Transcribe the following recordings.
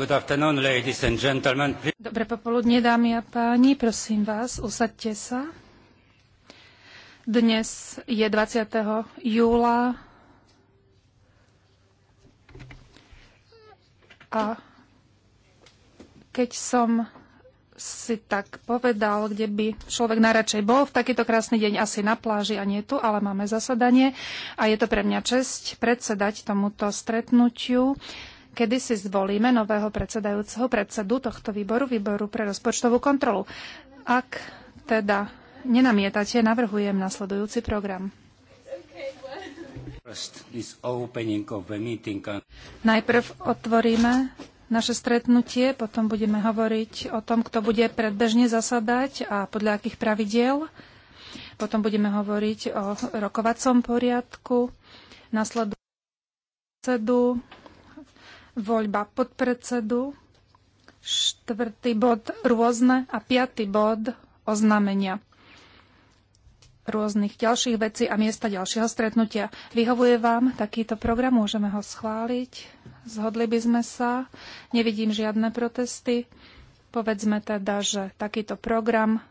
Dobré popoludne, dámy a páni, prosím vás, usaďte sa. Dnes je 20. júla a keď som si tak povedal, kde by človek najradšej bol v takýto krásny deň asi na pláži a nie tu, ale máme zasadanie a je to pre mňa česť predsedať tomuto stretnutiu. Uh, kedy si zvolíme nového predsedajúceho predsedu tohto výboru, výboru pre rozpočtovú kontrolu. Ak teda nenamietate, navrhujem nasledujúci program. Najprv otvoríme naše stretnutie, potom budeme hovoriť o tom, kto bude predbežne zasadať a podľa akých pravidiel. Potom budeme hovoriť o rokovacom poriadku, nasledu voľba podpredsedu, štvrtý bod rôzne a piatý bod oznámenia rôznych ďalších vecí a miesta ďalšieho stretnutia. Vyhovuje vám takýto program? Môžeme ho schváliť? Zhodli by sme sa? Nevidím žiadne protesty. Povedzme teda, že takýto program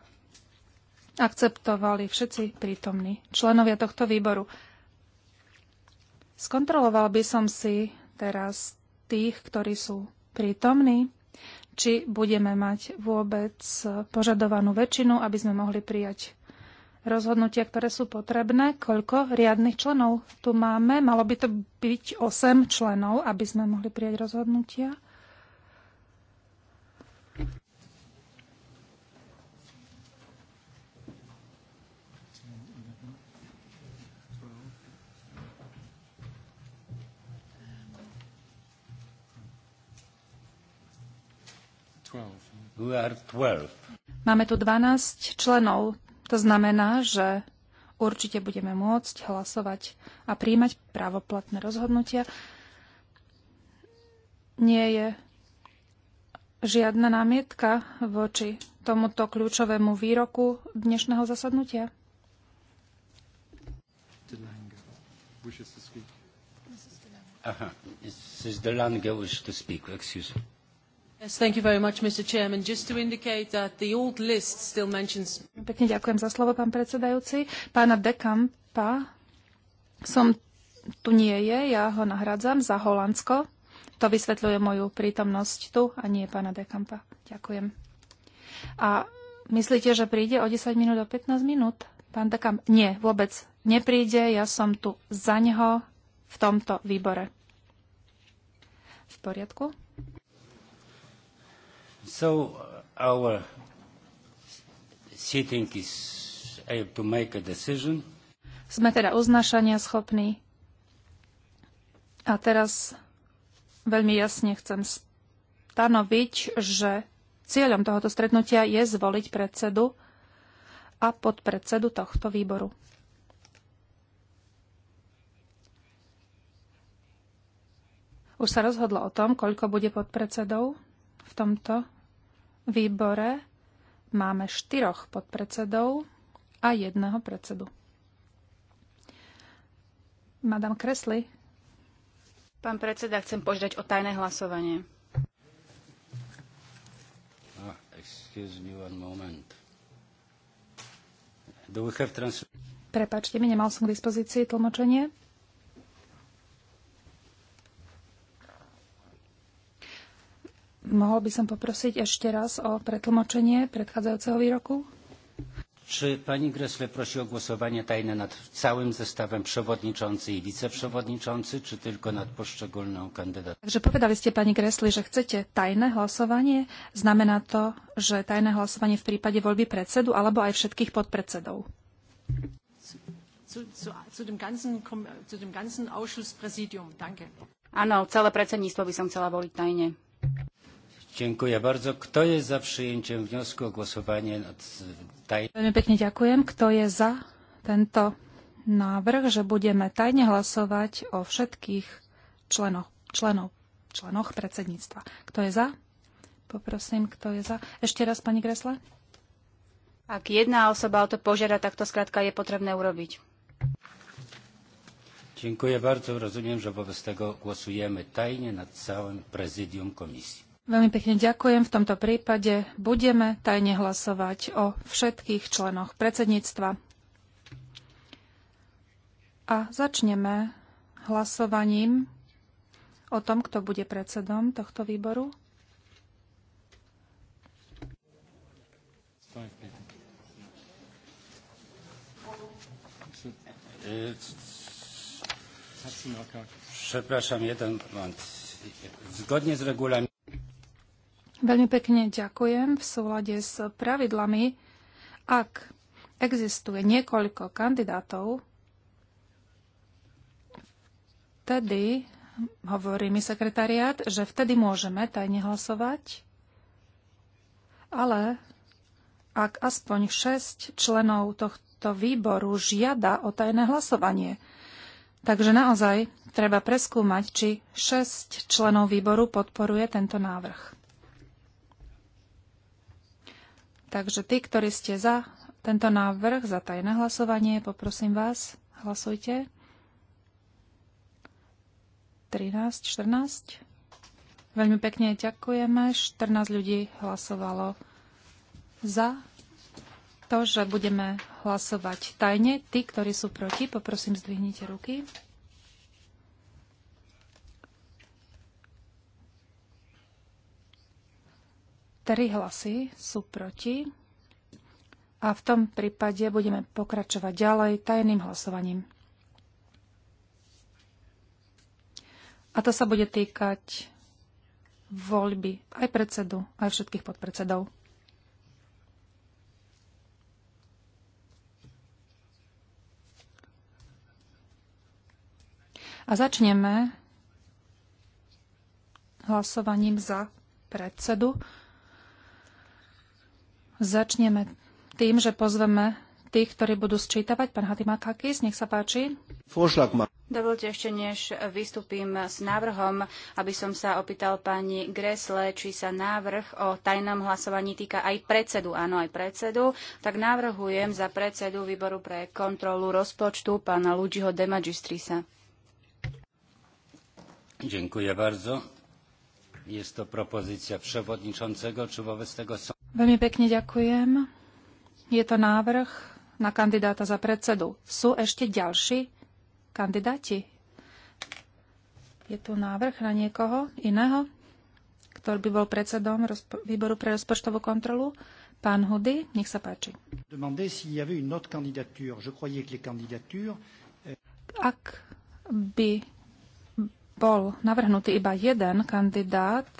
akceptovali všetci prítomní členovia tohto výboru. Skontroloval by som si teraz tých, ktorí sú prítomní, či budeme mať vôbec požadovanú väčšinu, aby sme mohli prijať rozhodnutia, ktoré sú potrebné. Koľko riadnych členov tu máme? Malo by to byť 8 členov, aby sme mohli prijať rozhodnutia. Máme tu 12 členov. To znamená, že určite budeme môcť hlasovať a príjmať právoplatné rozhodnutia. Nie je žiadna námietka voči tomuto kľúčovému výroku dnešného zasadnutia? Aha, Mrs. DeLange wishes to speak, excuse me. Yes, thank you very much, Mr. Chairman. Just to indicate that the old list still mentions... Pekne ďakujem za slovo, pán predsedajúci. Pána Dekampa som tu nie je, ja ho nahradzam za Holandsko. To vysvetľuje moju prítomnosť tu a nie pána Dekampa. Ďakujem. A myslíte, že príde o 10 minút, o 15 minút? Pán Dekamp, nie, vôbec nepríde, ja som tu za neho v tomto výbore. V poriadku? So our sitting is able to make a decision. Sme teda uznášania schopní. A teraz veľmi jasne chcem stanoviť, že cieľom tohoto stretnutia je zvoliť predsedu a podpredsedu tohto výboru. Už sa rozhodlo o tom, koľko bude podpredsedov v tomto výbore máme štyroch podpredsedov a jedného predsedu. Madame Kresli. Pán predseda, chcem požiadať o tajné hlasovanie. Ah, excuse me one moment. Do we have trans- Prepačte mi, nemal som k dispozícii tlmočenie. Mohol by som poprosiť ešte raz o pretlmočenie predchádzajúceho výroku? Czy pani Gressle prosi o głosowanie tajne nad całym zestawem przewodniczący i wiceprzewodniczący, czy tylko nad poszczególną kandydatą? Także povedali ste pani Gressle, že chcete tajné hlasovanie. Znamená to, že tajné hlasovanie v prípade voľby predsedu alebo aj všetkých podpredsedov? Zu, zu, zu dem ganzen, zu dem ganzen Ausschusspräsidium. Danke. Áno, celé predsedníctvo by som chcela voliť tajne. Dziękuję bardzo. Kto jest za przyjęciem wniosku o głosowanie nad tajnym... Veľmi pekne ďakujem. Kto je za tento návrh, že budeme tajne hlasovať o všetkých členoch, členov, členoch predsedníctva. Kto je za? Poprosím, kto je za. Ešte raz, pani Gresle. Ak jedna osoba o to požiada, tak to skrátka je potrebné urobiť. Dziękuję bardzo. Rozumiem, że wobec tego głosujemy tajnie nad całym prezydium komisji. Veľmi pekne ďakujem. V tomto prípade budeme tajne hlasovať o všetkých členoch predsedníctva. A začneme hlasovaním o tom, kto bude predsedom tohto výboru. Przepraszam, jeden moment. Zgodnie z regulaminem. Veľmi pekne ďakujem. V súlade s pravidlami, ak existuje niekoľko kandidátov, vtedy, hovorí mi sekretariát, že vtedy môžeme tajne hlasovať, ale ak aspoň 6 členov tohto výboru žiada o tajné hlasovanie, Takže naozaj treba preskúmať, či 6 členov výboru podporuje tento návrh. Takže ty, ktorí ste za tento návrh, za tajné hlasovanie, poprosím vás, hlasujte. 13, 14. Veľmi pekne ďakujeme. 14 ľudí hlasovalo za to, že budeme hlasovať tajne. Tí, ktorí sú proti, poprosím, zdvihnite ruky. 3 hlasy sú proti. A v tom prípade budeme pokračovať ďalej tajným hlasovaním. A to sa bude týkať voľby aj predsedu, aj všetkých podpredsedov. A začneme hlasovaním za predsedu. Začneme tým, že pozveme tých, ktorí budú sčítavať. Pán Hatimakakis, nech sa páči. Dovolte ešte, než vystúpim s návrhom, aby som sa opýtal pani Gresle, či sa návrh o tajnom hlasovaní týka aj predsedu. Áno, aj predsedu. Tak návrhujem za predsedu výboru pre kontrolu rozpočtu pána Luigiho de Magistrisa. Dziękuję bardzo. Jest to propozycja przewodniczącego. Czy wobec tego są... Veľmi pekne ďakujem. Je to návrh na kandidáta za predsedu. Sú ešte ďalší kandidáti? Je tu návrh na niekoho iného, ktorý by bol predsedom výboru pre rozpočtovú kontrolu? Pán Hudy, nech sa páči. Euh, Ak by bol navrhnutý iba jeden kandidát,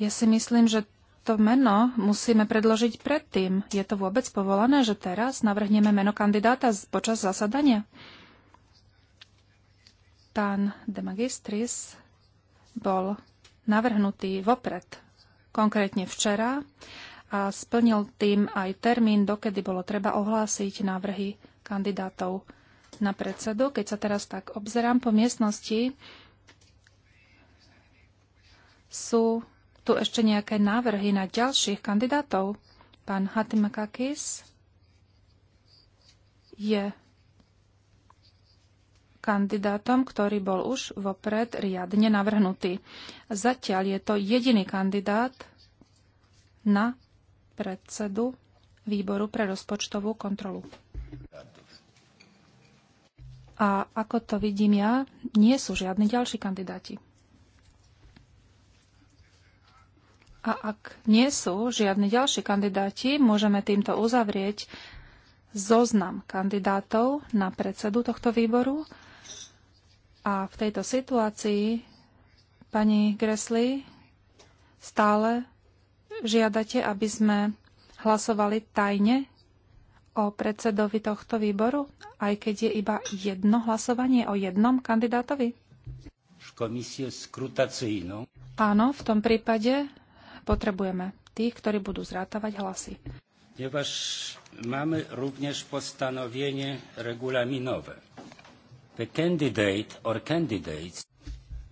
ja si myslím, že to meno musíme predložiť predtým. Je to vôbec povolené, že teraz navrhneme meno kandidáta počas zasadania? Pán de Magistris bol navrhnutý vopred, konkrétne včera, a splnil tým aj termín, dokedy bolo treba ohlásiť návrhy kandidátov na predsedu. Keď sa teraz tak obzerám po miestnosti, sú tu ešte nejaké návrhy na ďalších kandidátov? Pán Hatimakakis je kandidátom, ktorý bol už vopred riadne navrhnutý. Zatiaľ je to jediný kandidát na predsedu výboru pre rozpočtovú kontrolu. A ako to vidím ja, nie sú žiadni ďalší kandidáti. A ak nie sú žiadni ďalší kandidáti, môžeme týmto uzavrieť zoznam kandidátov na predsedu tohto výboru. A v tejto situácii, pani Gresly, stále žiadate, aby sme hlasovali tajne o predsedovi tohto výboru, aj keď je iba jedno hlasovanie o jednom kandidátovi? Áno, v tom prípade Potrebujeme tých, ktorí budú zrátavať hlasy. Ponieważ mamy również postanowienie regulaminowe. The candidate or candidates.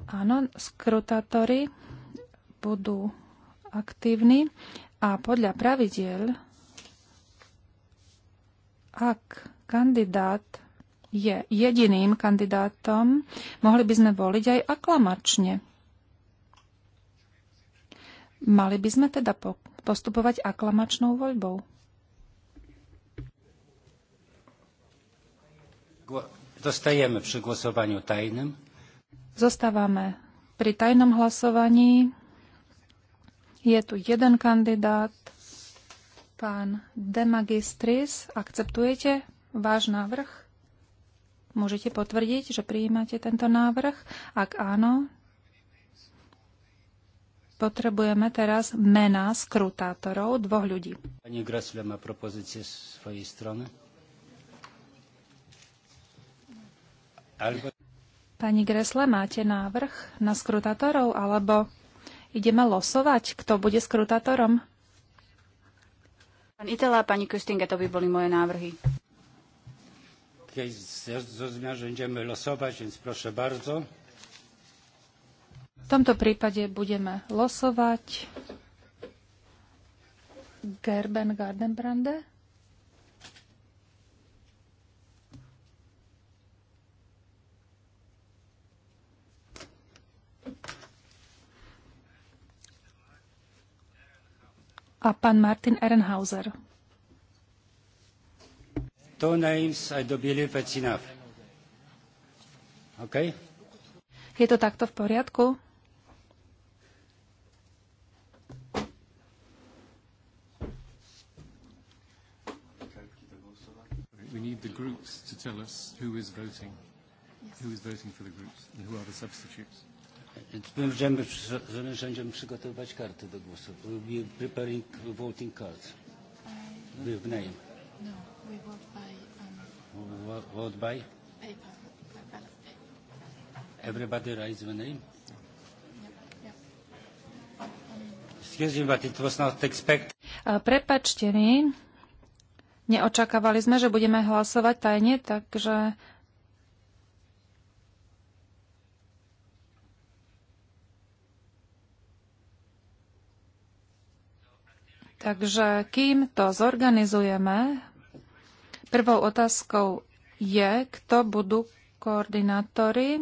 Áno, skrutátori budú aktívni a podľa pravidiel, ak kandidát je jediným kandidátom, mohli by sme voliť aj aklamačne. Mali by sme teda postupovať aklamačnou voľbou. Zostajeme pri hlasovaniu tajným. Zostávame pri tajnom hlasovaní. Je tu jeden kandidát, pán Demagistris. Akceptujete váš návrh? Môžete potvrdiť, že prijímate tento návrh? Ak áno, Potrebujeme teraz mená skrutátorov dvoch ľudí. Pani Grasle má propozície z svojej strany. Albo... Pani Gresle, máte návrh na skrutátorov, alebo ideme losovať, kto bude skrutátorom? Pán Itela a pani Kustinga, to by boli moje návrhy. Keď zrozumiałem, że będziemy losować, więc proszę bardzo tomto prípade budeme losovať Gerben Gardenbrande. a pán Martin Ehrenhauser. Two names, I do believe it's enough. Okay? Je to takto v poriadku? groups to tell us who is voting, yes. who is voting for the groups and who are the substitutes. Będziemy, będziemy przygotowywać karty do głosu. We'll be preparing voting cards. I, with name. No, we vote by... Um, vote, vote by? Paper. By ballot paper. Everybody writes the name? Um, Prepačte mi, Neočakávali sme, že budeme hlasovať tajne, takže Takže kým to zorganizujeme, prvou otázkou je, kto budú koordinátori.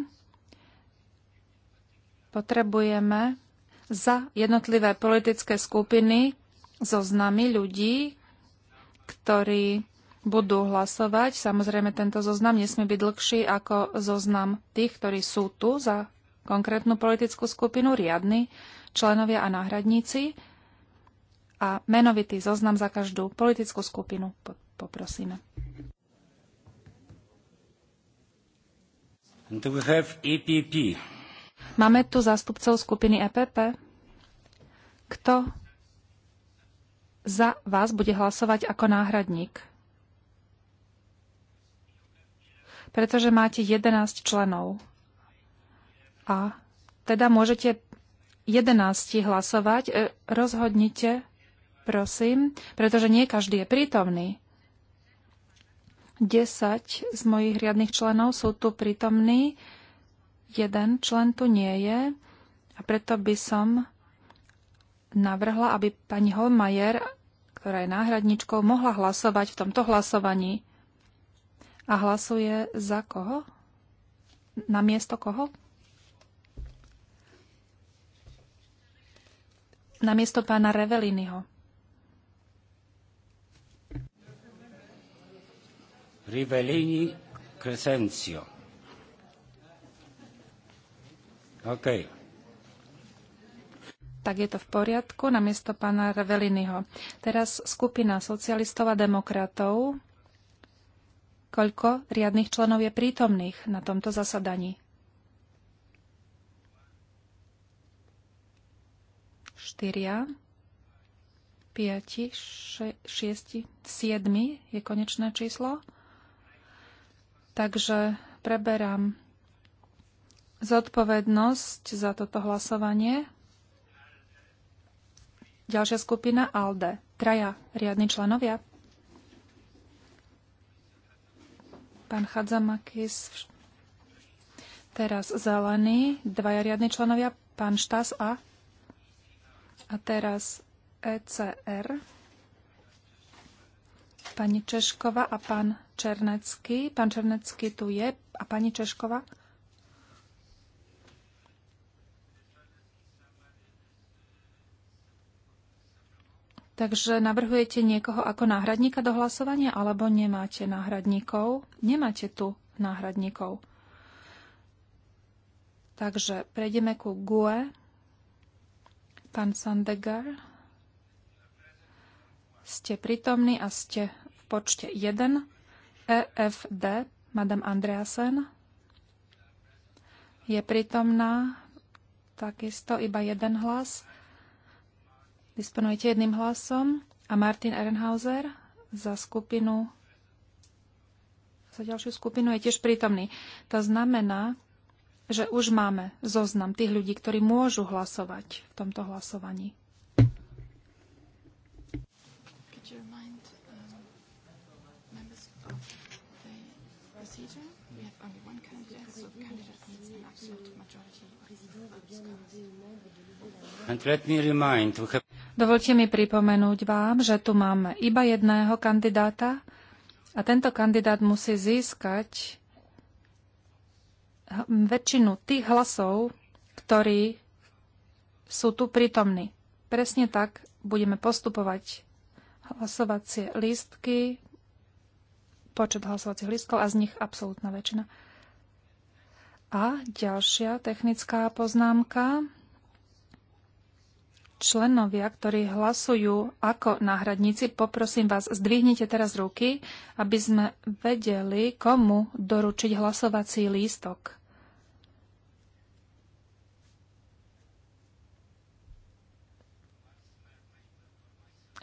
Potrebujeme za jednotlivé politické skupiny zoznamy ľudí, ktorí budú hlasovať. Samozrejme, tento zoznam nesmie byť dlhší ako zoznam tých, ktorí sú tu za konkrétnu politickú skupinu, riadni členovia a náhradníci. A menovitý zoznam za každú politickú skupinu poprosíme. E Máme tu zástupcov skupiny EPP. Kto za vás bude hlasovať ako náhradník. Pretože máte 11 členov. A teda môžete 11 hlasovať. E, rozhodnite, prosím, pretože nie každý je prítomný. 10 z mojich riadnych členov sú tu prítomní, jeden člen tu nie je a preto by som navrhla, aby pani Holmajer ktorá je náhradničkou, mohla hlasovať v tomto hlasovaní. A hlasuje za koho? Na miesto koho? Na miesto pána Reveliniho. Rivellini Crescenzio. Okay tak je to v poriadku, namiesto pána Raveliniho. Teraz skupina socialistov a demokratov. Koľko riadnych členov je prítomných na tomto zasadaní? Štyria, piati, še, šiesti, siedmi je konečné číslo. Takže preberám zodpovednosť za toto hlasovanie. Ďalšia skupina ALDE. Traja riadni členovia. Pán Chadzamakis, teraz zelený, dvaja riadni členovia, pán Štas a a teraz ECR. Pani Češkova a pán Černecký. Pán Černecký tu je a pani Češkova. Takže navrhujete niekoho ako náhradníka do hlasovania, alebo nemáte náhradníkov? Nemáte tu náhradníkov. Takže prejdeme ku GUE. Pán Sandegar, ste prítomní a ste v počte 1. EFD, Madame Andreasen, je prítomná takisto iba jeden hlas. Disponujte jedným hlasom. A Martin Ehrenhauser za skupinu za ďalšiu skupinu je tiež prítomný. To znamená, že už máme zoznam tých ľudí, ktorí môžu hlasovať v tomto hlasovaní. Um, And let me remind, we have Dovolte mi pripomenúť vám, že tu máme iba jedného kandidáta a tento kandidát musí získať hm, väčšinu tých hlasov, ktorí sú tu prítomní. Presne tak budeme postupovať hlasovacie lístky, počet hlasovacích lístkov a z nich absolútna väčšina. A ďalšia technická poznámka členovia, ktorí hlasujú ako náhradníci, poprosím vás, zdvihnite teraz ruky, aby sme vedeli, komu doručiť hlasovací lístok.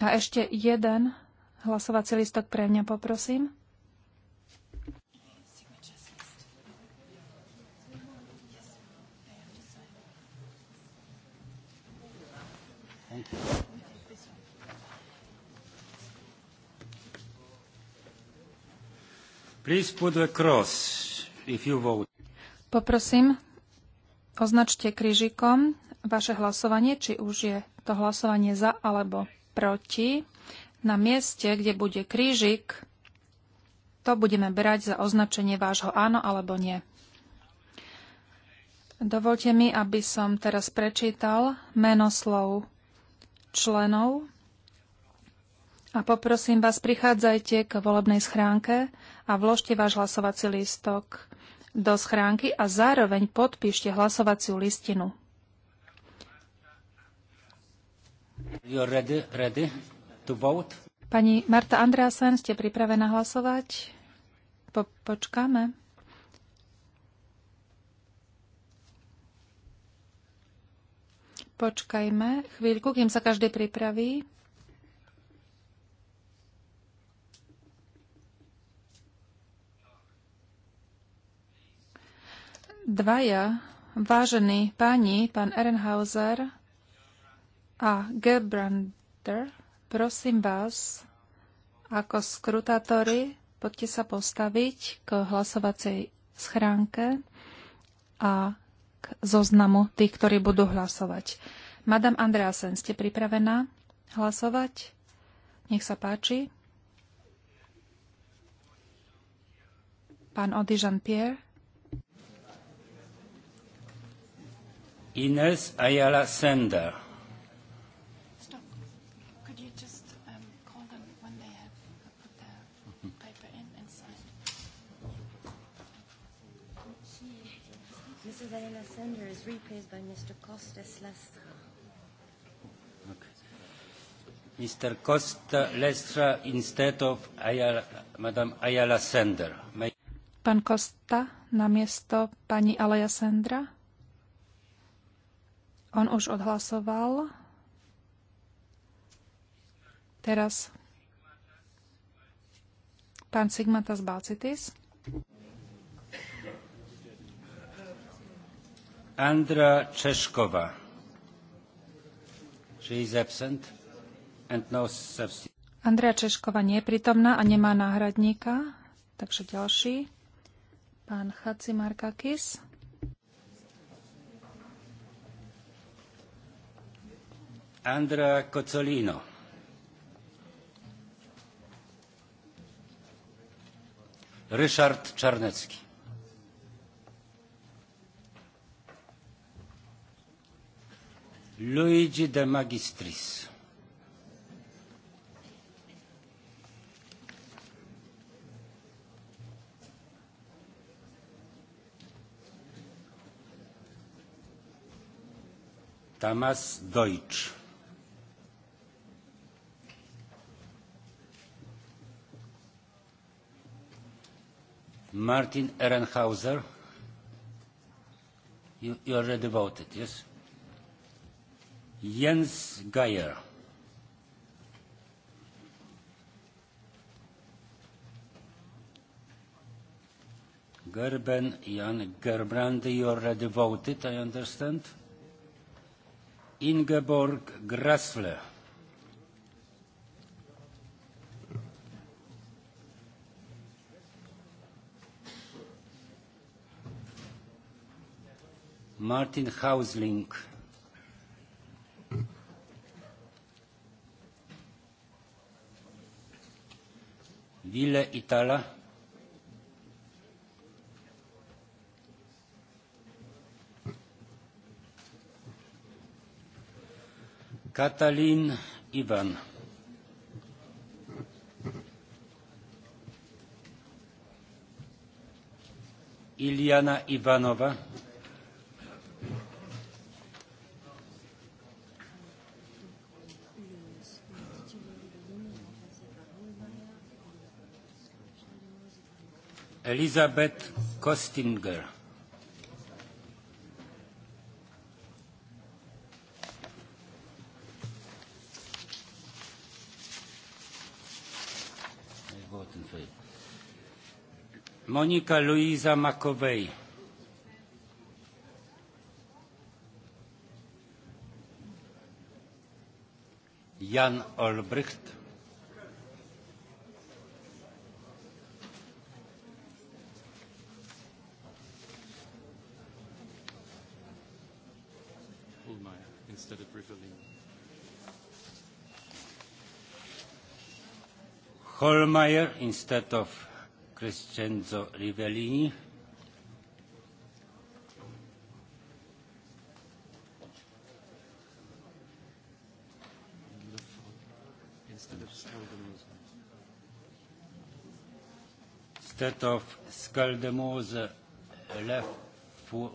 A ešte jeden hlasovací lístok pre mňa, poprosím. Please put the cross if you vote. Poprosím, označte krížikom vaše hlasovanie, či už je to hlasovanie za alebo proti. Na mieste, kde bude krížik, to budeme brať za označenie vášho áno alebo nie. Dovolte mi, aby som teraz prečítal meno slov členov a poprosím vás, prichádzajte k volebnej schránke a vložte váš hlasovací lístok do schránky a zároveň podpíšte hlasovaciu listinu. Ready, ready Pani Marta Andreasen, ste pripravená hlasovať? Po, počkáme. Počkajme chvíľku, kým sa každý pripraví. Dvaja vážení páni, pán Ehrenhauser a Gebrander, prosím vás, ako skrutátori, poďte sa postaviť k hlasovacej schránke a k zoznamu tých, ktorí budú hlasovať. Madame Andreasen, ste pripravená hlasovať? Nech sa páči. Pán Ody Jean-Pierre. Ines Ayala Sender. repays by Mr. Costas Lestra. Okay. Mr. Costa Lestra instead of Ayala, Madam Ayala Sender. May... Pan Costa na miesto pani Alaya Sendra. On už odhlasoval. Teraz pán Sigmatas Balcitis. Andra Czeszkova. She is absent and no substitute. Andrea Češkova nie je prítomná a nemá náhradníka. Takže ďalší. Pán Chaci Markakis. Andra Cozzolino. Ryszard Czarnecki. Luigi De Magistris. Tamas Deutsch. Martin Ehrenhauser. You, you already voted, yes? Jens Geier. Gerben Jan Gerbrand, you already voted, I understand. Ingeborg Grassle. Martin Hausling. Ville Itala. Katalin Ivan. Iliana Ivanova. Elisabeth Kostinger. Monika Luisa Makowej. Jan Olbrycht. Holmeyer instead of Crescenzo Rivellini. Instead of Scaldemose left four.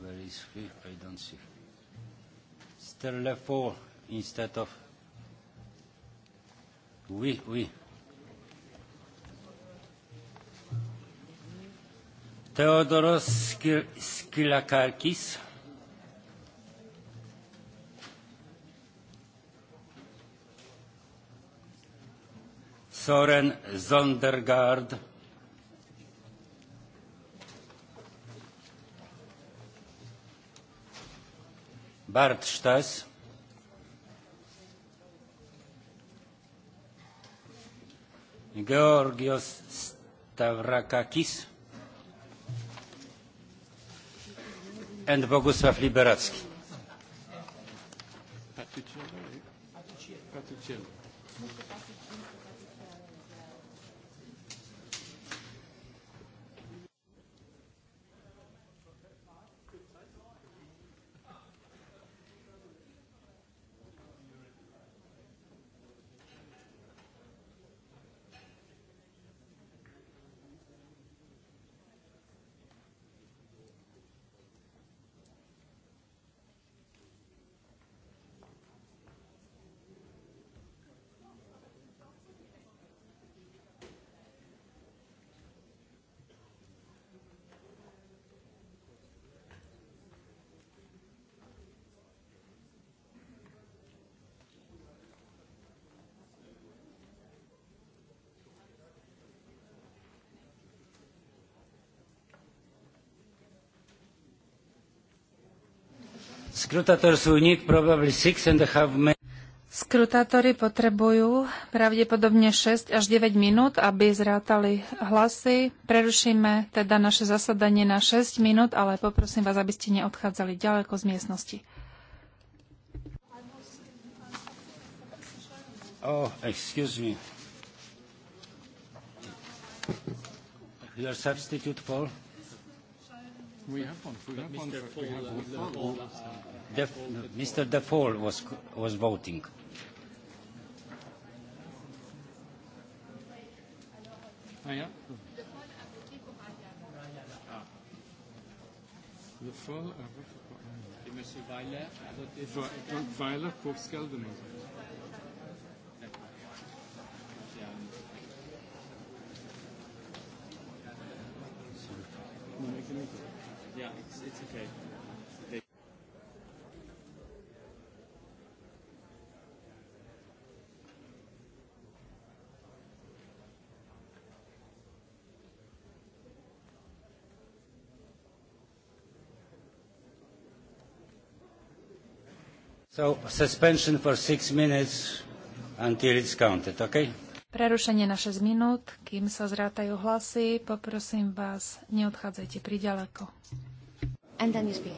Where is he? I don't see after le four instead of oui, oui. Theodoros Skylakakis. Soren Zondergaard. Bart Stas. Georgios Stavrakakis and Bogusław Liberacki. Patyciello. Eh? Patyciello. Scrutátors will need probably six and a half minutes. Skrutátory potrebujú pravdepodobne 6 až 9 minút, aby zrátali hlasy. Prerušíme teda naše zasadanie na 6 minút, ale poprosím vás, aby ste neodchádzali ďaleko z miestnosti. Oh, excuse me. Your substitute, Paul? We have one. We have one. We have one. Def, Mr. Defoe was, was voting. Ah, ja? Le Foll avec... Et M. Weiler a voté... Donc Weiler pour Skeldemann. D'accord. Yeah, it's, it's okay. So, suspension for six minutes until it's counted, okay? Prerušenie na 6 minút, kým sa zrátajú hlasy, poprosím vás, neodchádzajte priďaleko and then you speak.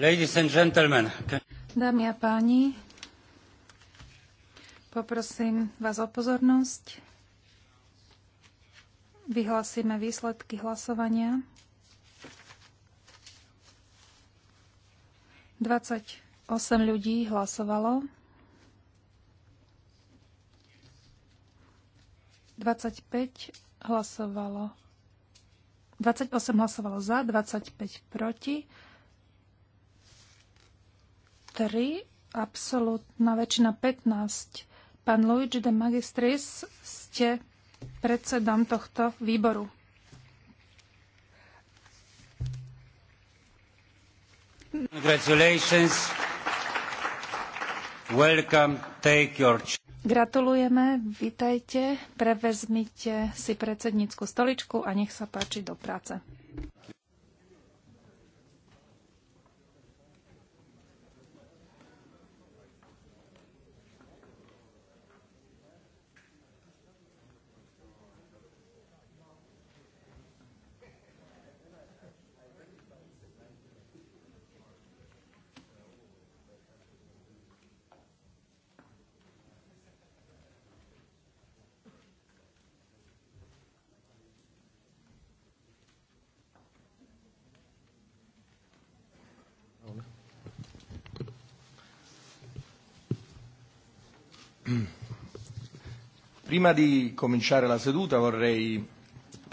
Ladies and gentlemen. Dámy a páni, poprosím vás o pozornosť. Vyhlásime výsledky hlasovania. 28 ľudí hlasovalo. 25 hlasovalo. 28 hlasovalo za, 25 proti. 3, absolútna väčšina 15. Pán Luigi de Magistris, ste predsedom tohto výboru. Congratulations. Welcome. Take your... Gratulujeme, vitajte, prevezmite si predsednícku stoličku a nech sa páči do práce. Prima di cominciare la seduta vorrei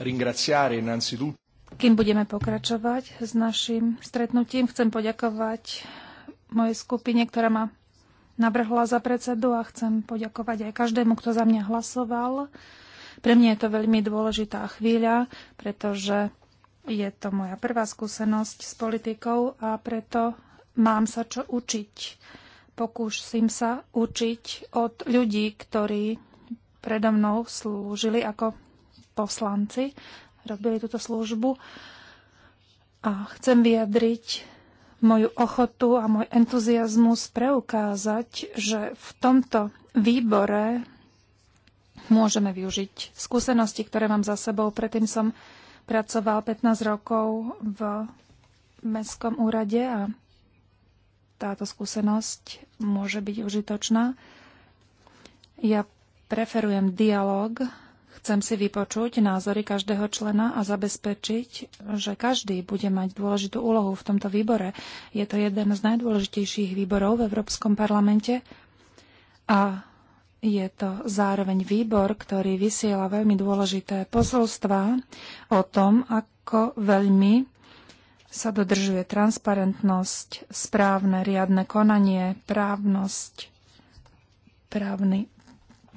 ringraziare innanzitutto. Kým budeme pokračovať s našim stretnutím, chcem poďakovať mojej skupine, ktorá ma navrhla za predsedu a chcem poďakovať aj každému, kto za mňa hlasoval. Pre mňa je to veľmi dôležitá chvíľa, pretože je to moja prvá skúsenosť s politikou a preto mám sa čo učiť. Pokúsim sa učiť od ľudí, ktorí prede mnou slúžili ako poslanci, robili túto službu a chcem vyjadriť moju ochotu a môj entuziasmus preukázať, že v tomto výbore môžeme využiť skúsenosti, ktoré mám za sebou. Predtým som pracoval 15 rokov v mestskom úrade a táto skúsenosť môže byť užitočná. Ja Preferujem dialog, chcem si vypočuť názory každého člena a zabezpečiť, že každý bude mať dôležitú úlohu v tomto výbore. Je to jeden z najdôležitejších výborov v Európskom parlamente a je to zároveň výbor, ktorý vysiela veľmi dôležité posolstvá o tom, ako veľmi sa dodržuje transparentnosť, správne, riadne konanie, právnosť, právny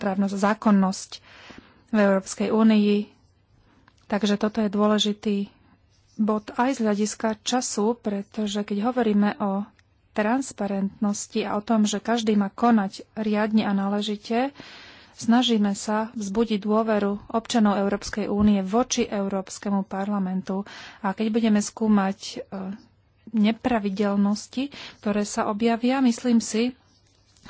právnosť, zákonnosť v Európskej únii. Takže toto je dôležitý bod aj z hľadiska času, pretože keď hovoríme o transparentnosti a o tom, že každý má konať riadne a náležite, snažíme sa vzbudiť dôveru občanov Európskej únie voči Európskemu parlamentu. A keď budeme skúmať e, nepravidelnosti, ktoré sa objavia, myslím si,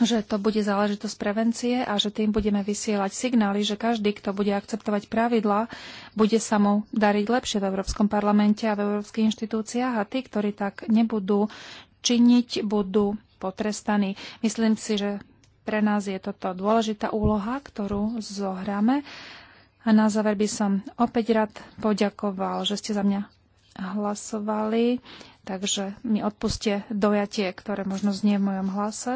že to bude záležitosť prevencie a že tým budeme vysielať signály, že každý, kto bude akceptovať pravidlá, bude sa mu dariť lepšie v Európskom parlamente a v európskych inštitúciách a tí, ktorí tak nebudú činiť, budú potrestaní. Myslím si, že pre nás je toto dôležitá úloha, ktorú zohráme. A na záver by som opäť rád poďakoval, že ste za mňa hlasovali, takže mi odpuste dojatie, ktoré možno znie v mojom hlase.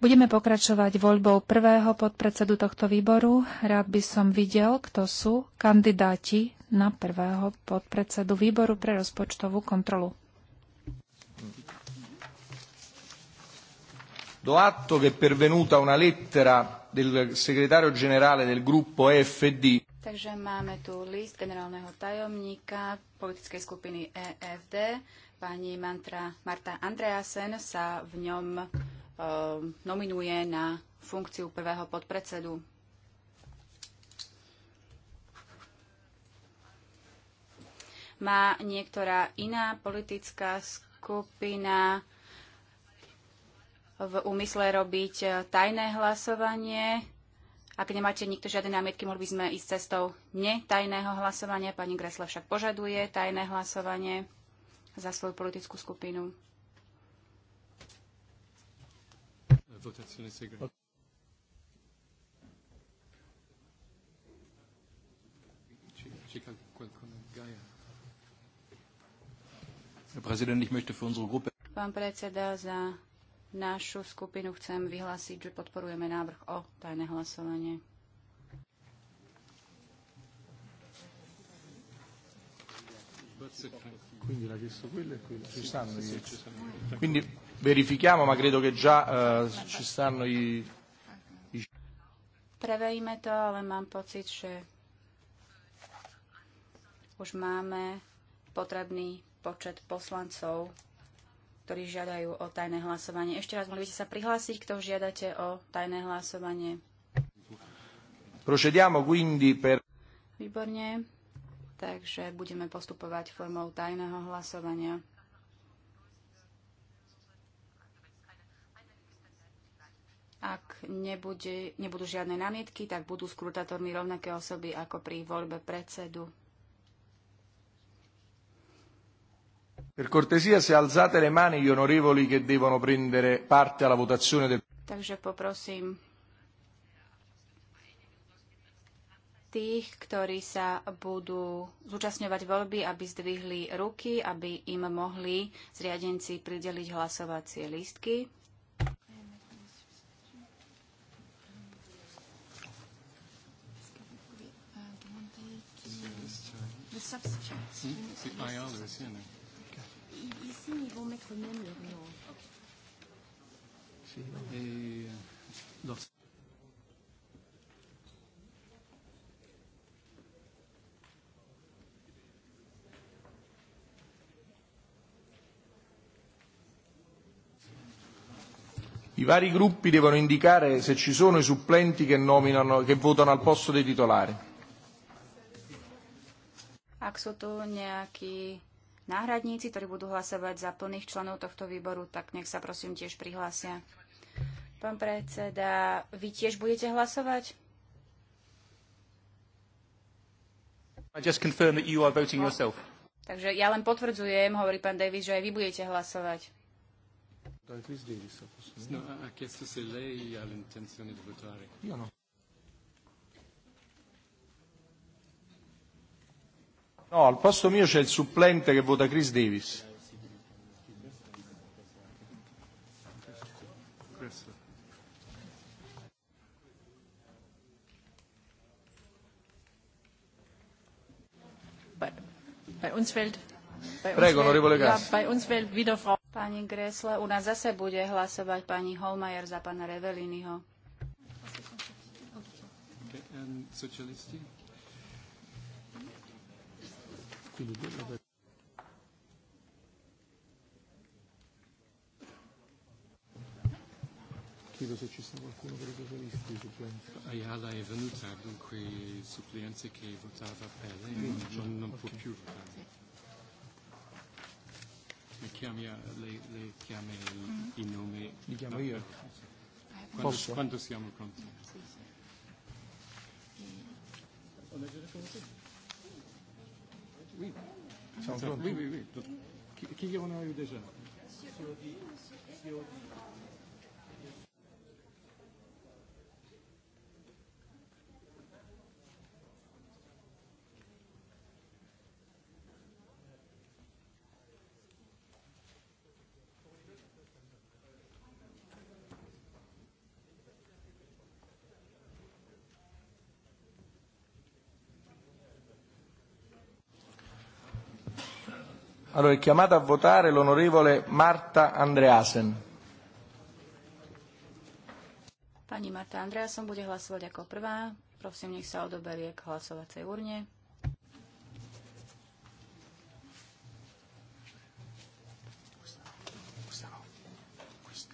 Budeme pokračovať voľbou prvého podpredsedu tohto výboru. Rád by som videl, kto sú kandidáti na prvého podpredsedu výboru pre rozpočtovú kontrolu. Do atto che è pervenuta una lettera del segretario generale del gruppo EFD. Takže máme tu list generálneho tajomníka politickej skupiny EFD. Pani Mantra Marta Andreasen sa v ňom Um, nominuje na funkciu prvého podpredsedu. Má niektorá iná politická skupina v úmysle robiť eh, tajné hlasovanie. Ak nemáte nikto žiadne námietky, mohli by sme ísť cestou netajného hlasovania. Pani Gresle však požaduje tajné hlasovanie za svoju politickú skupinu. votazione segreta. Okay. Herr Präsident, ich möchte für unsere Gruppe. Pán predseda, za našu skupinu chcem vyhlásiť, že podporujeme návrh o tajné hlasovanie. Quindi la chiesto quella e quella. Ci stanno. Quindi Verifichiamo, ma credo che già uh, ci stanno i, i... Preveríme to, ale mám pocit, že už máme potrebný počet poslancov, ktorí žiadajú o tajné hlasovanie. Ešte raz, mohli by ste sa prihlásiť, kto žiadate o tajné hlasovanie. Procediamo quindi per... Výborne, takže budeme postupovať formou tajného hlasovania. Ak nebude, nebudú žiadne námietky, tak budú skrutátormi rovnaké osoby ako pri voľbe predsedu. Per cortesia, se alzate le mani gli onorevoli che devono prendere parte alla votazione del... Takže poprosím tých, ktorí sa budú zúčastňovať voľby, aby zdvihli ruky, aby im mohli zriadenci prideliť hlasovacie lístky. substitutes. Hmm? C'est pas ailleurs, le SCN. Okay. Ici, ils vont mettre même leur nom. Okay. Et euh, dans I vari gruppi devono indicare se ci sono i supplenti che, nominano, che votano al posto dei titolari sú tu nejakí náhradníci, ktorí budú hlasovať za plných členov tohto výboru, tak nech sa prosím tiež prihlásia. Pán predseda, vy tiež budete hlasovať? Takže ja len potvrdzujem, hovorí pán Davis, že aj vy budete hlasovať. Davis Davis, no, a che se lei ha l'intenzione di votare? Io no. No, al posto mio c'è il supplente che vota Chris Davis. Bei uns fällt, bei Prego, uns fällt, ja, bei uns fällt wieder Frau. Pani Gresle, u nás zase bude hlasovať pani Holmajer za pana Reveliniho. Okay, and socialisti? que vous devez... Chiedo se ci sta qualcuno per i socialisti supplenti. Ayala è venuta, dunque il suppliante che votava per lei mm. non, non okay. può più votare. Mi chiami, lei, lei chiama il, mm. il nome. Li chiamo no, io. Quando, Posso? quando siamo pronti? Sì, sì. On a déjà commencé Oui. C'est Antoine. Oui, oui, oui. Donc, qui, qui en a eu déjà COD. COD. Allora è chiamata a votare l'onorevole Marta Andreasen. Pani Marta Andreasom bude hlasovať ako prvá. Prosím, nech sa odoberie k hlasovacej urne.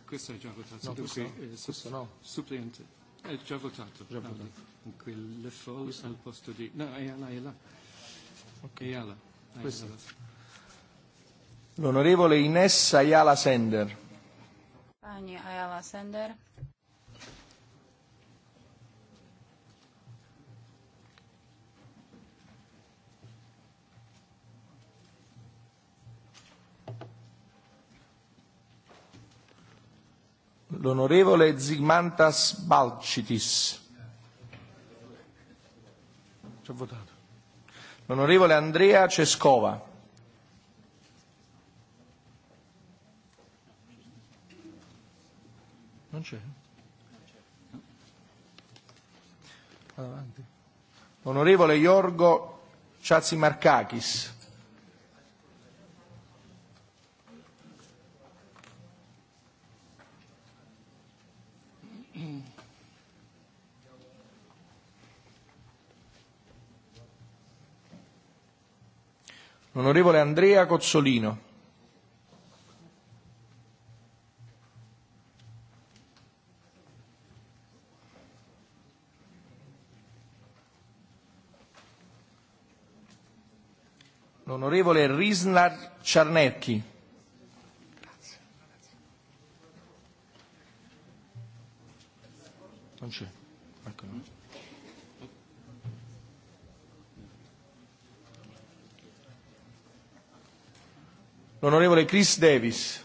Questo è già votato, no, questo, dunque, eh, questo no. Suppliente. È già votato. Già votato. Ah, quelle folle al posto di... No, è là, è là. Okay. È là. Questo. È là. L'onorevole Ines Ayala Sender. Pani Ayala Sender. L'onorevole Zigmantas Balcitis. L'onorevole Andrea Cescova. c'è. Avanti. Onorevole Iorgo Ciazimarcakis. L'onorevole Andrea Cozzolino. l'onorevole Risnar Czarnecki. Non c'è. Ecco. L'onorevole Chris Davis.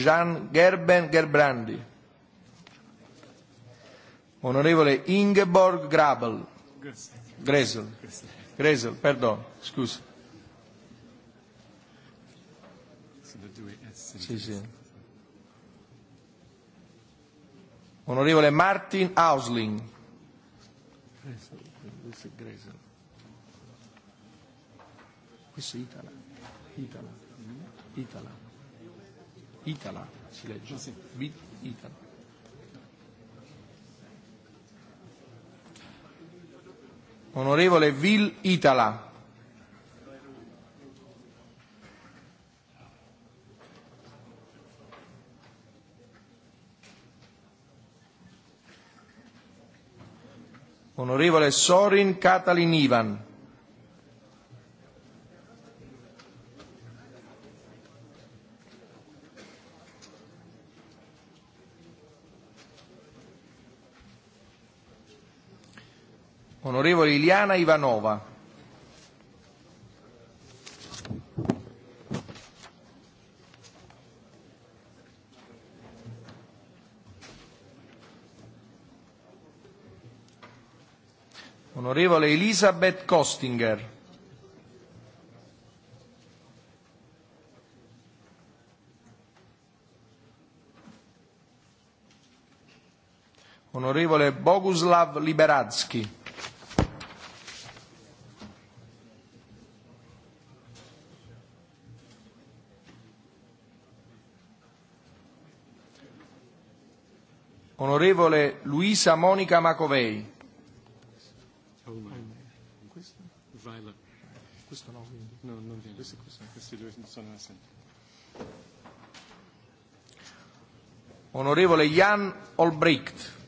Jean Gerben Gerbrandi. Onorevole Ingeborg Grabel. Gresel. Gresel, perdono, scusa. Sì, sì. Onorevole Martin Ausling. Questo è Gresel. Questo è Itala. Itala. Itala. Itala, si legge. Sì. Bit Itala. Onorevole Vil Itala. Onorevole Sorin Katalin Ivan. Mariana Ivanova. Onorevole Elisabeth Kostinger. Onorevole Boguslav Liberadski. Onorevole Luisa Monica Macovei. Questo no, quindi. No, non viene. Questi, questi, questi due sono assenti. Onorevole Jan Olbricht.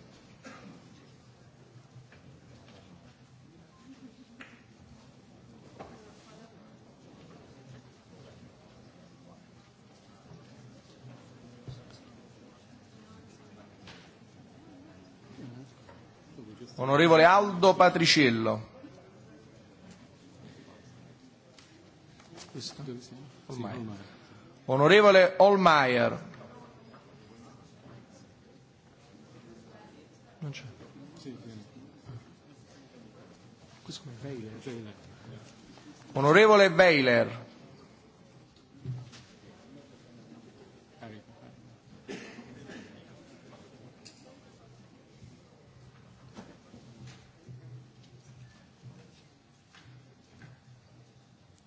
Onorevole Aldo Patriciello. Ormai. Onorevole Olmaier. Non c'è. Onorevole Weiler.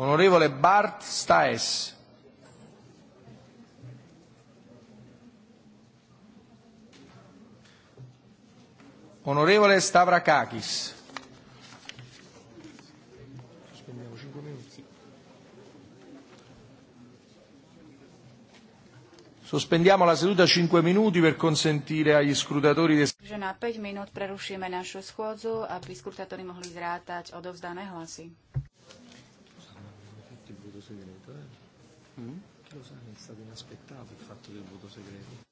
Onorevole Bart Staes. Onorevole Stavrakakis. Sospendiamo la seduta 5 minuti per consentire agli scrutatori di... Že na 5 minút prerušíme našu schôdzu, aby skrutátori mohli zrátať odovzdané hlasy segreto, eh? Mm? Lo sa, è stato inaspettato il fatto del voto segreto.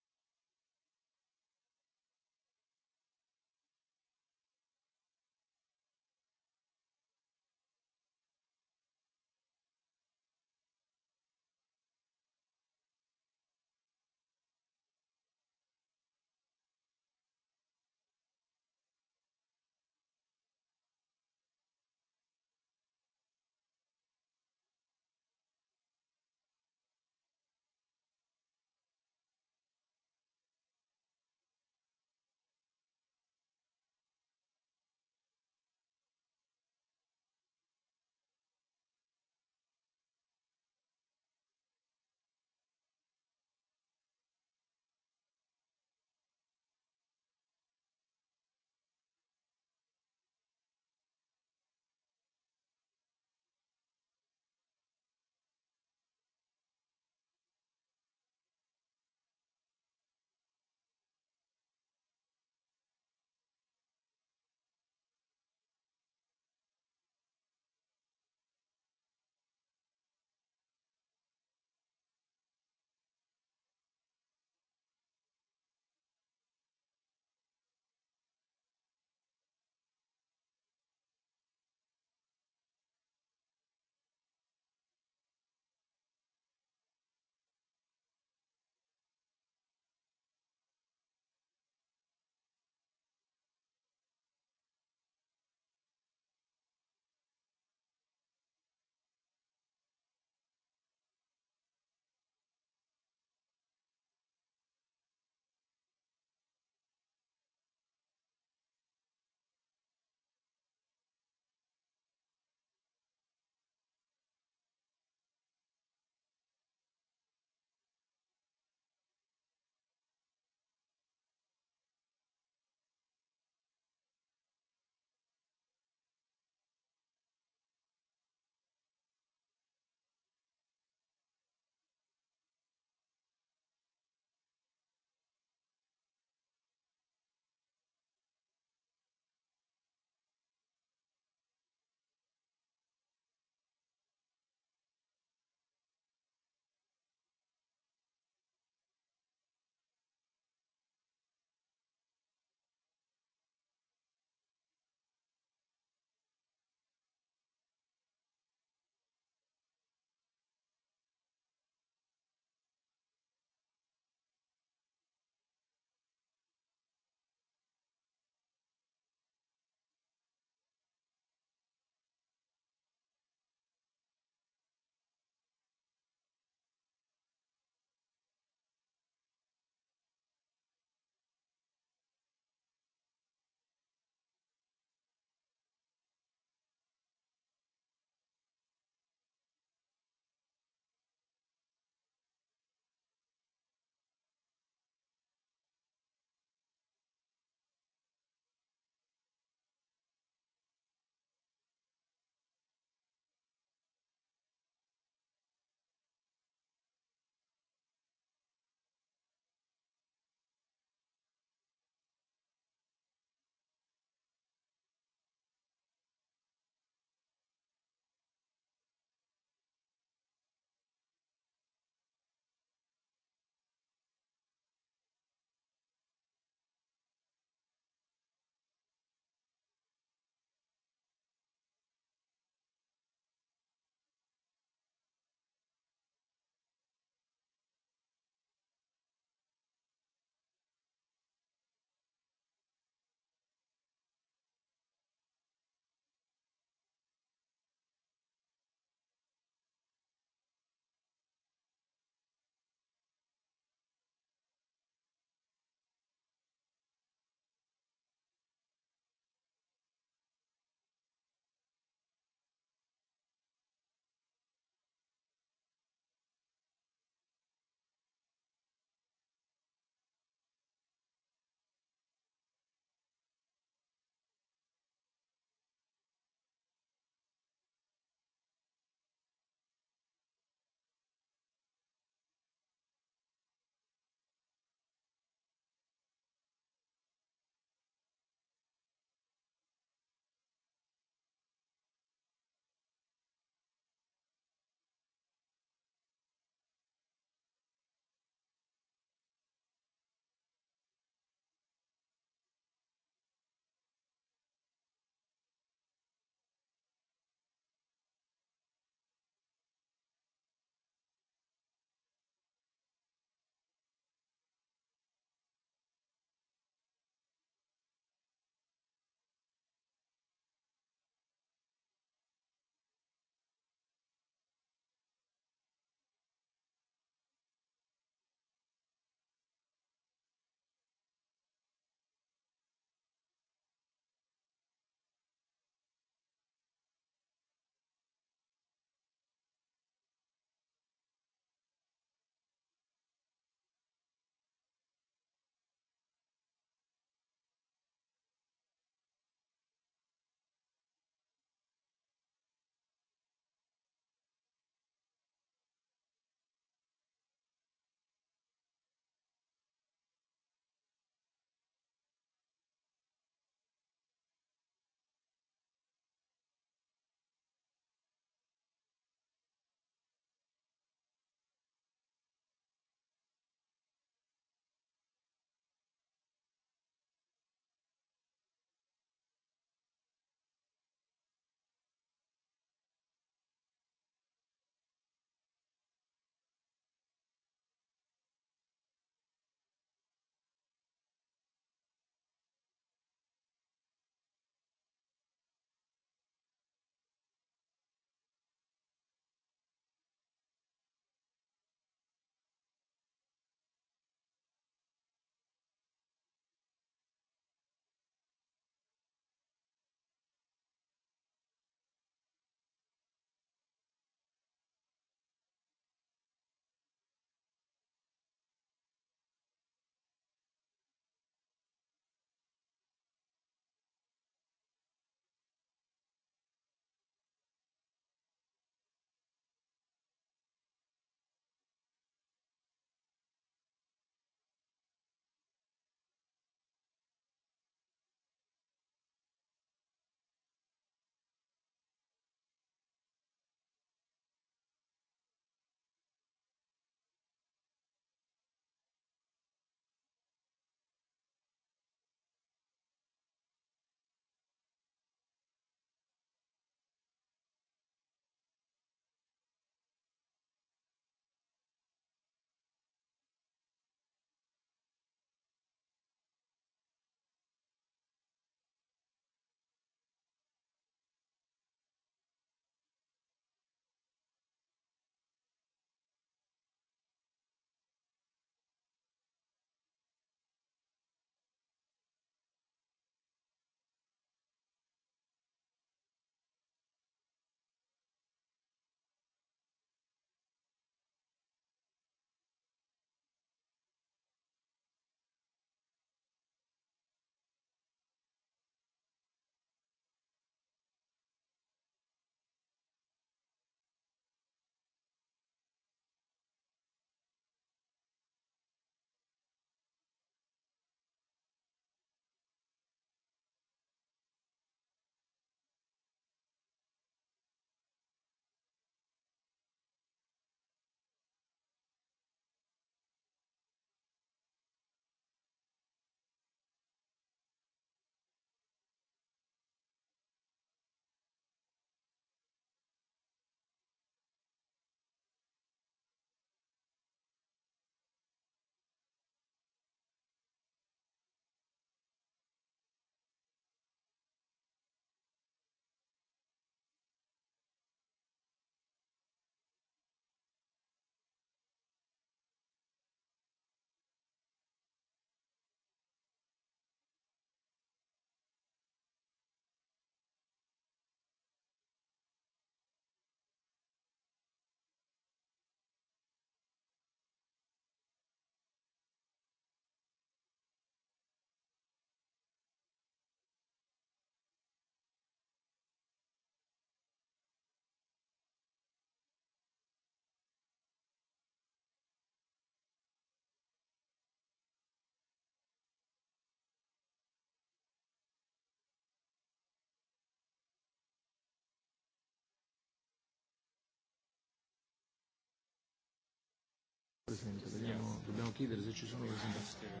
Presidente, vediamo, dobbiamo chiedere se ci sono presentazioni.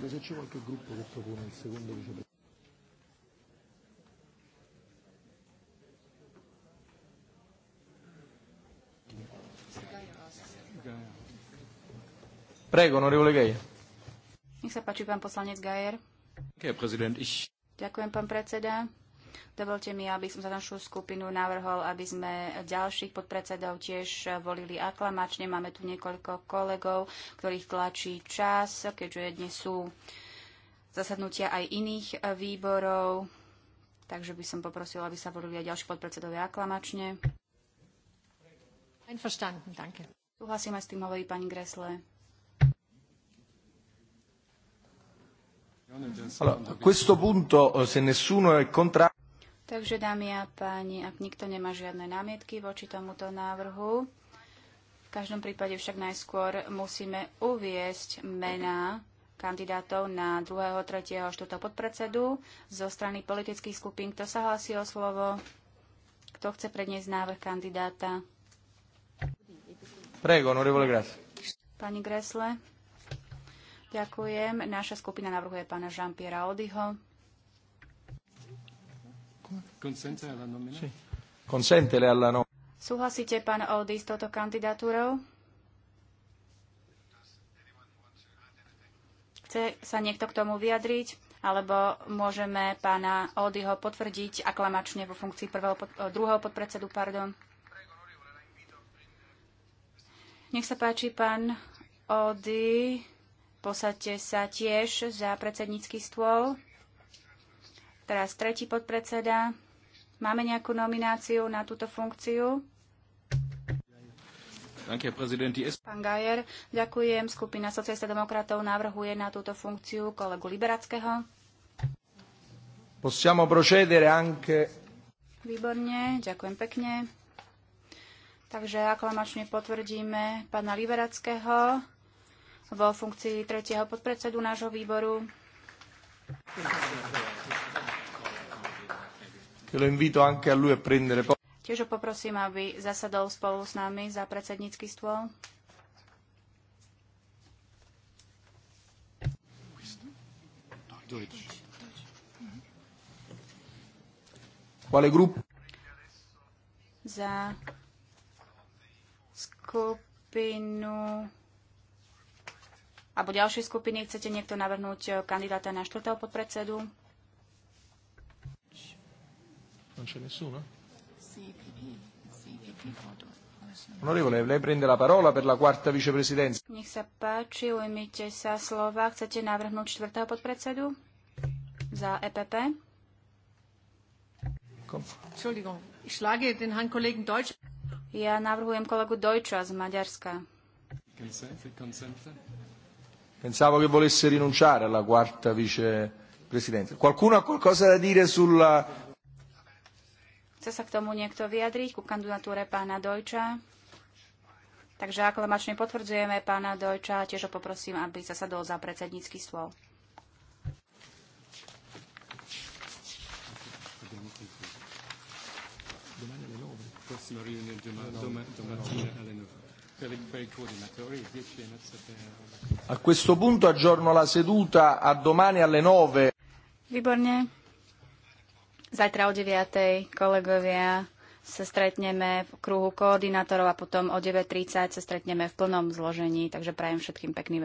Dico, se c'è qualche gruppo che propone il secondo vicepresidente. Prego, onorevole Gajer. Nech sa páči, pán poslanec Gajer. Ďakujem, pán predseda. Dovolte mi, aby som za našu skupinu navrhol, aby sme ďalších podpredsedov tiež volili aklamačne. Máme tu niekoľko kolegov, ktorých tlačí čas, keďže dnes sú zasadnutia aj iných výborov. Takže by som poprosila, aby sa volili aj ďalší podpredsedovia aklamačne. Einverstanden, danke. Súhlasíme s tým, hovorí pani Gresle. Allora, a questo punto, eh, se nessuno è contrario, Takže, dámy a páni, ak nikto nemá žiadne námietky voči tomuto návrhu, v každom prípade však najskôr musíme uviesť mená kandidátov na 2., 3., 4. podpredsedu zo strany politických skupín. Kto sa hlasí o slovo? Kto chce predniesť návrh kandidáta? Prego, onorevole Gras. Pani Gresle. Ďakujem. Naša skupina navrhuje pána Jean-Pierre Odyho. Súhlasíte, pán Oldy, s touto kandidatúrou? Chce sa niekto k tomu vyjadriť? Alebo môžeme pána Oldyho potvrdiť aklamačne vo funkcii prvého, pod, eh, druhého podpredsedu? Pardon. Nech sa páči, pán Oldy. Posaďte sa tiež za predsednícky stôl. Teraz tretí podpredseda. Máme nejakú nomináciu na túto funkciu? Pán Gajer, ďakujem. Skupina socialista demokratov navrhuje na túto funkciu kolegu Liberackého. Possiamo procedere anche... Výborne, ďakujem pekne. Takže aklamačne potvrdíme pána Liberackého vo funkcii tretieho podpredsedu nášho výboru. Ďakujem. Lo invito anche a lui a prendere posto. Tiež ho poprosím, aby zasadol spolu s nami za predsednícky stôl. Quale gruppo? Za skupinu alebo ďalšie skupiny chcete niekto navrhnúť eh, kandidáta na štvrtého podpredsedu? Non c'è nessuno? Onorevole, lei prende la parola per la quarta vicepresidenza. Nech sa páči, ujmite sa slova. Chcete navrhnúť čtvrtého podpredsedu za EPP? Entschuldigung, ich schlage den Herrn Kollegen Deutsch. Ja navrhujem kolegu Deutscha z Maďarska. Pensavo che volesse rinunciare alla quarta vicepresidenza. Qualcuno ha qualcosa da dire sulla Chce sa k tomu niekto vyjadriť, ku kandidatúre pána Dojča? Takže aklamačne potvrdzujeme pána Dojča a tiež ho poprosím, aby sa sadol za predsednícky stôl. prossima riunione domattina alle 9. Per i coordinatori 10 e mezza. A questo punto aggiorno la seduta a domani alle 9. Výborne. Zajtra o 9. kolegovia sa stretneme v kruhu koordinátorov a potom o 9.30 sa stretneme v plnom zložení, takže prajem všetkým pekný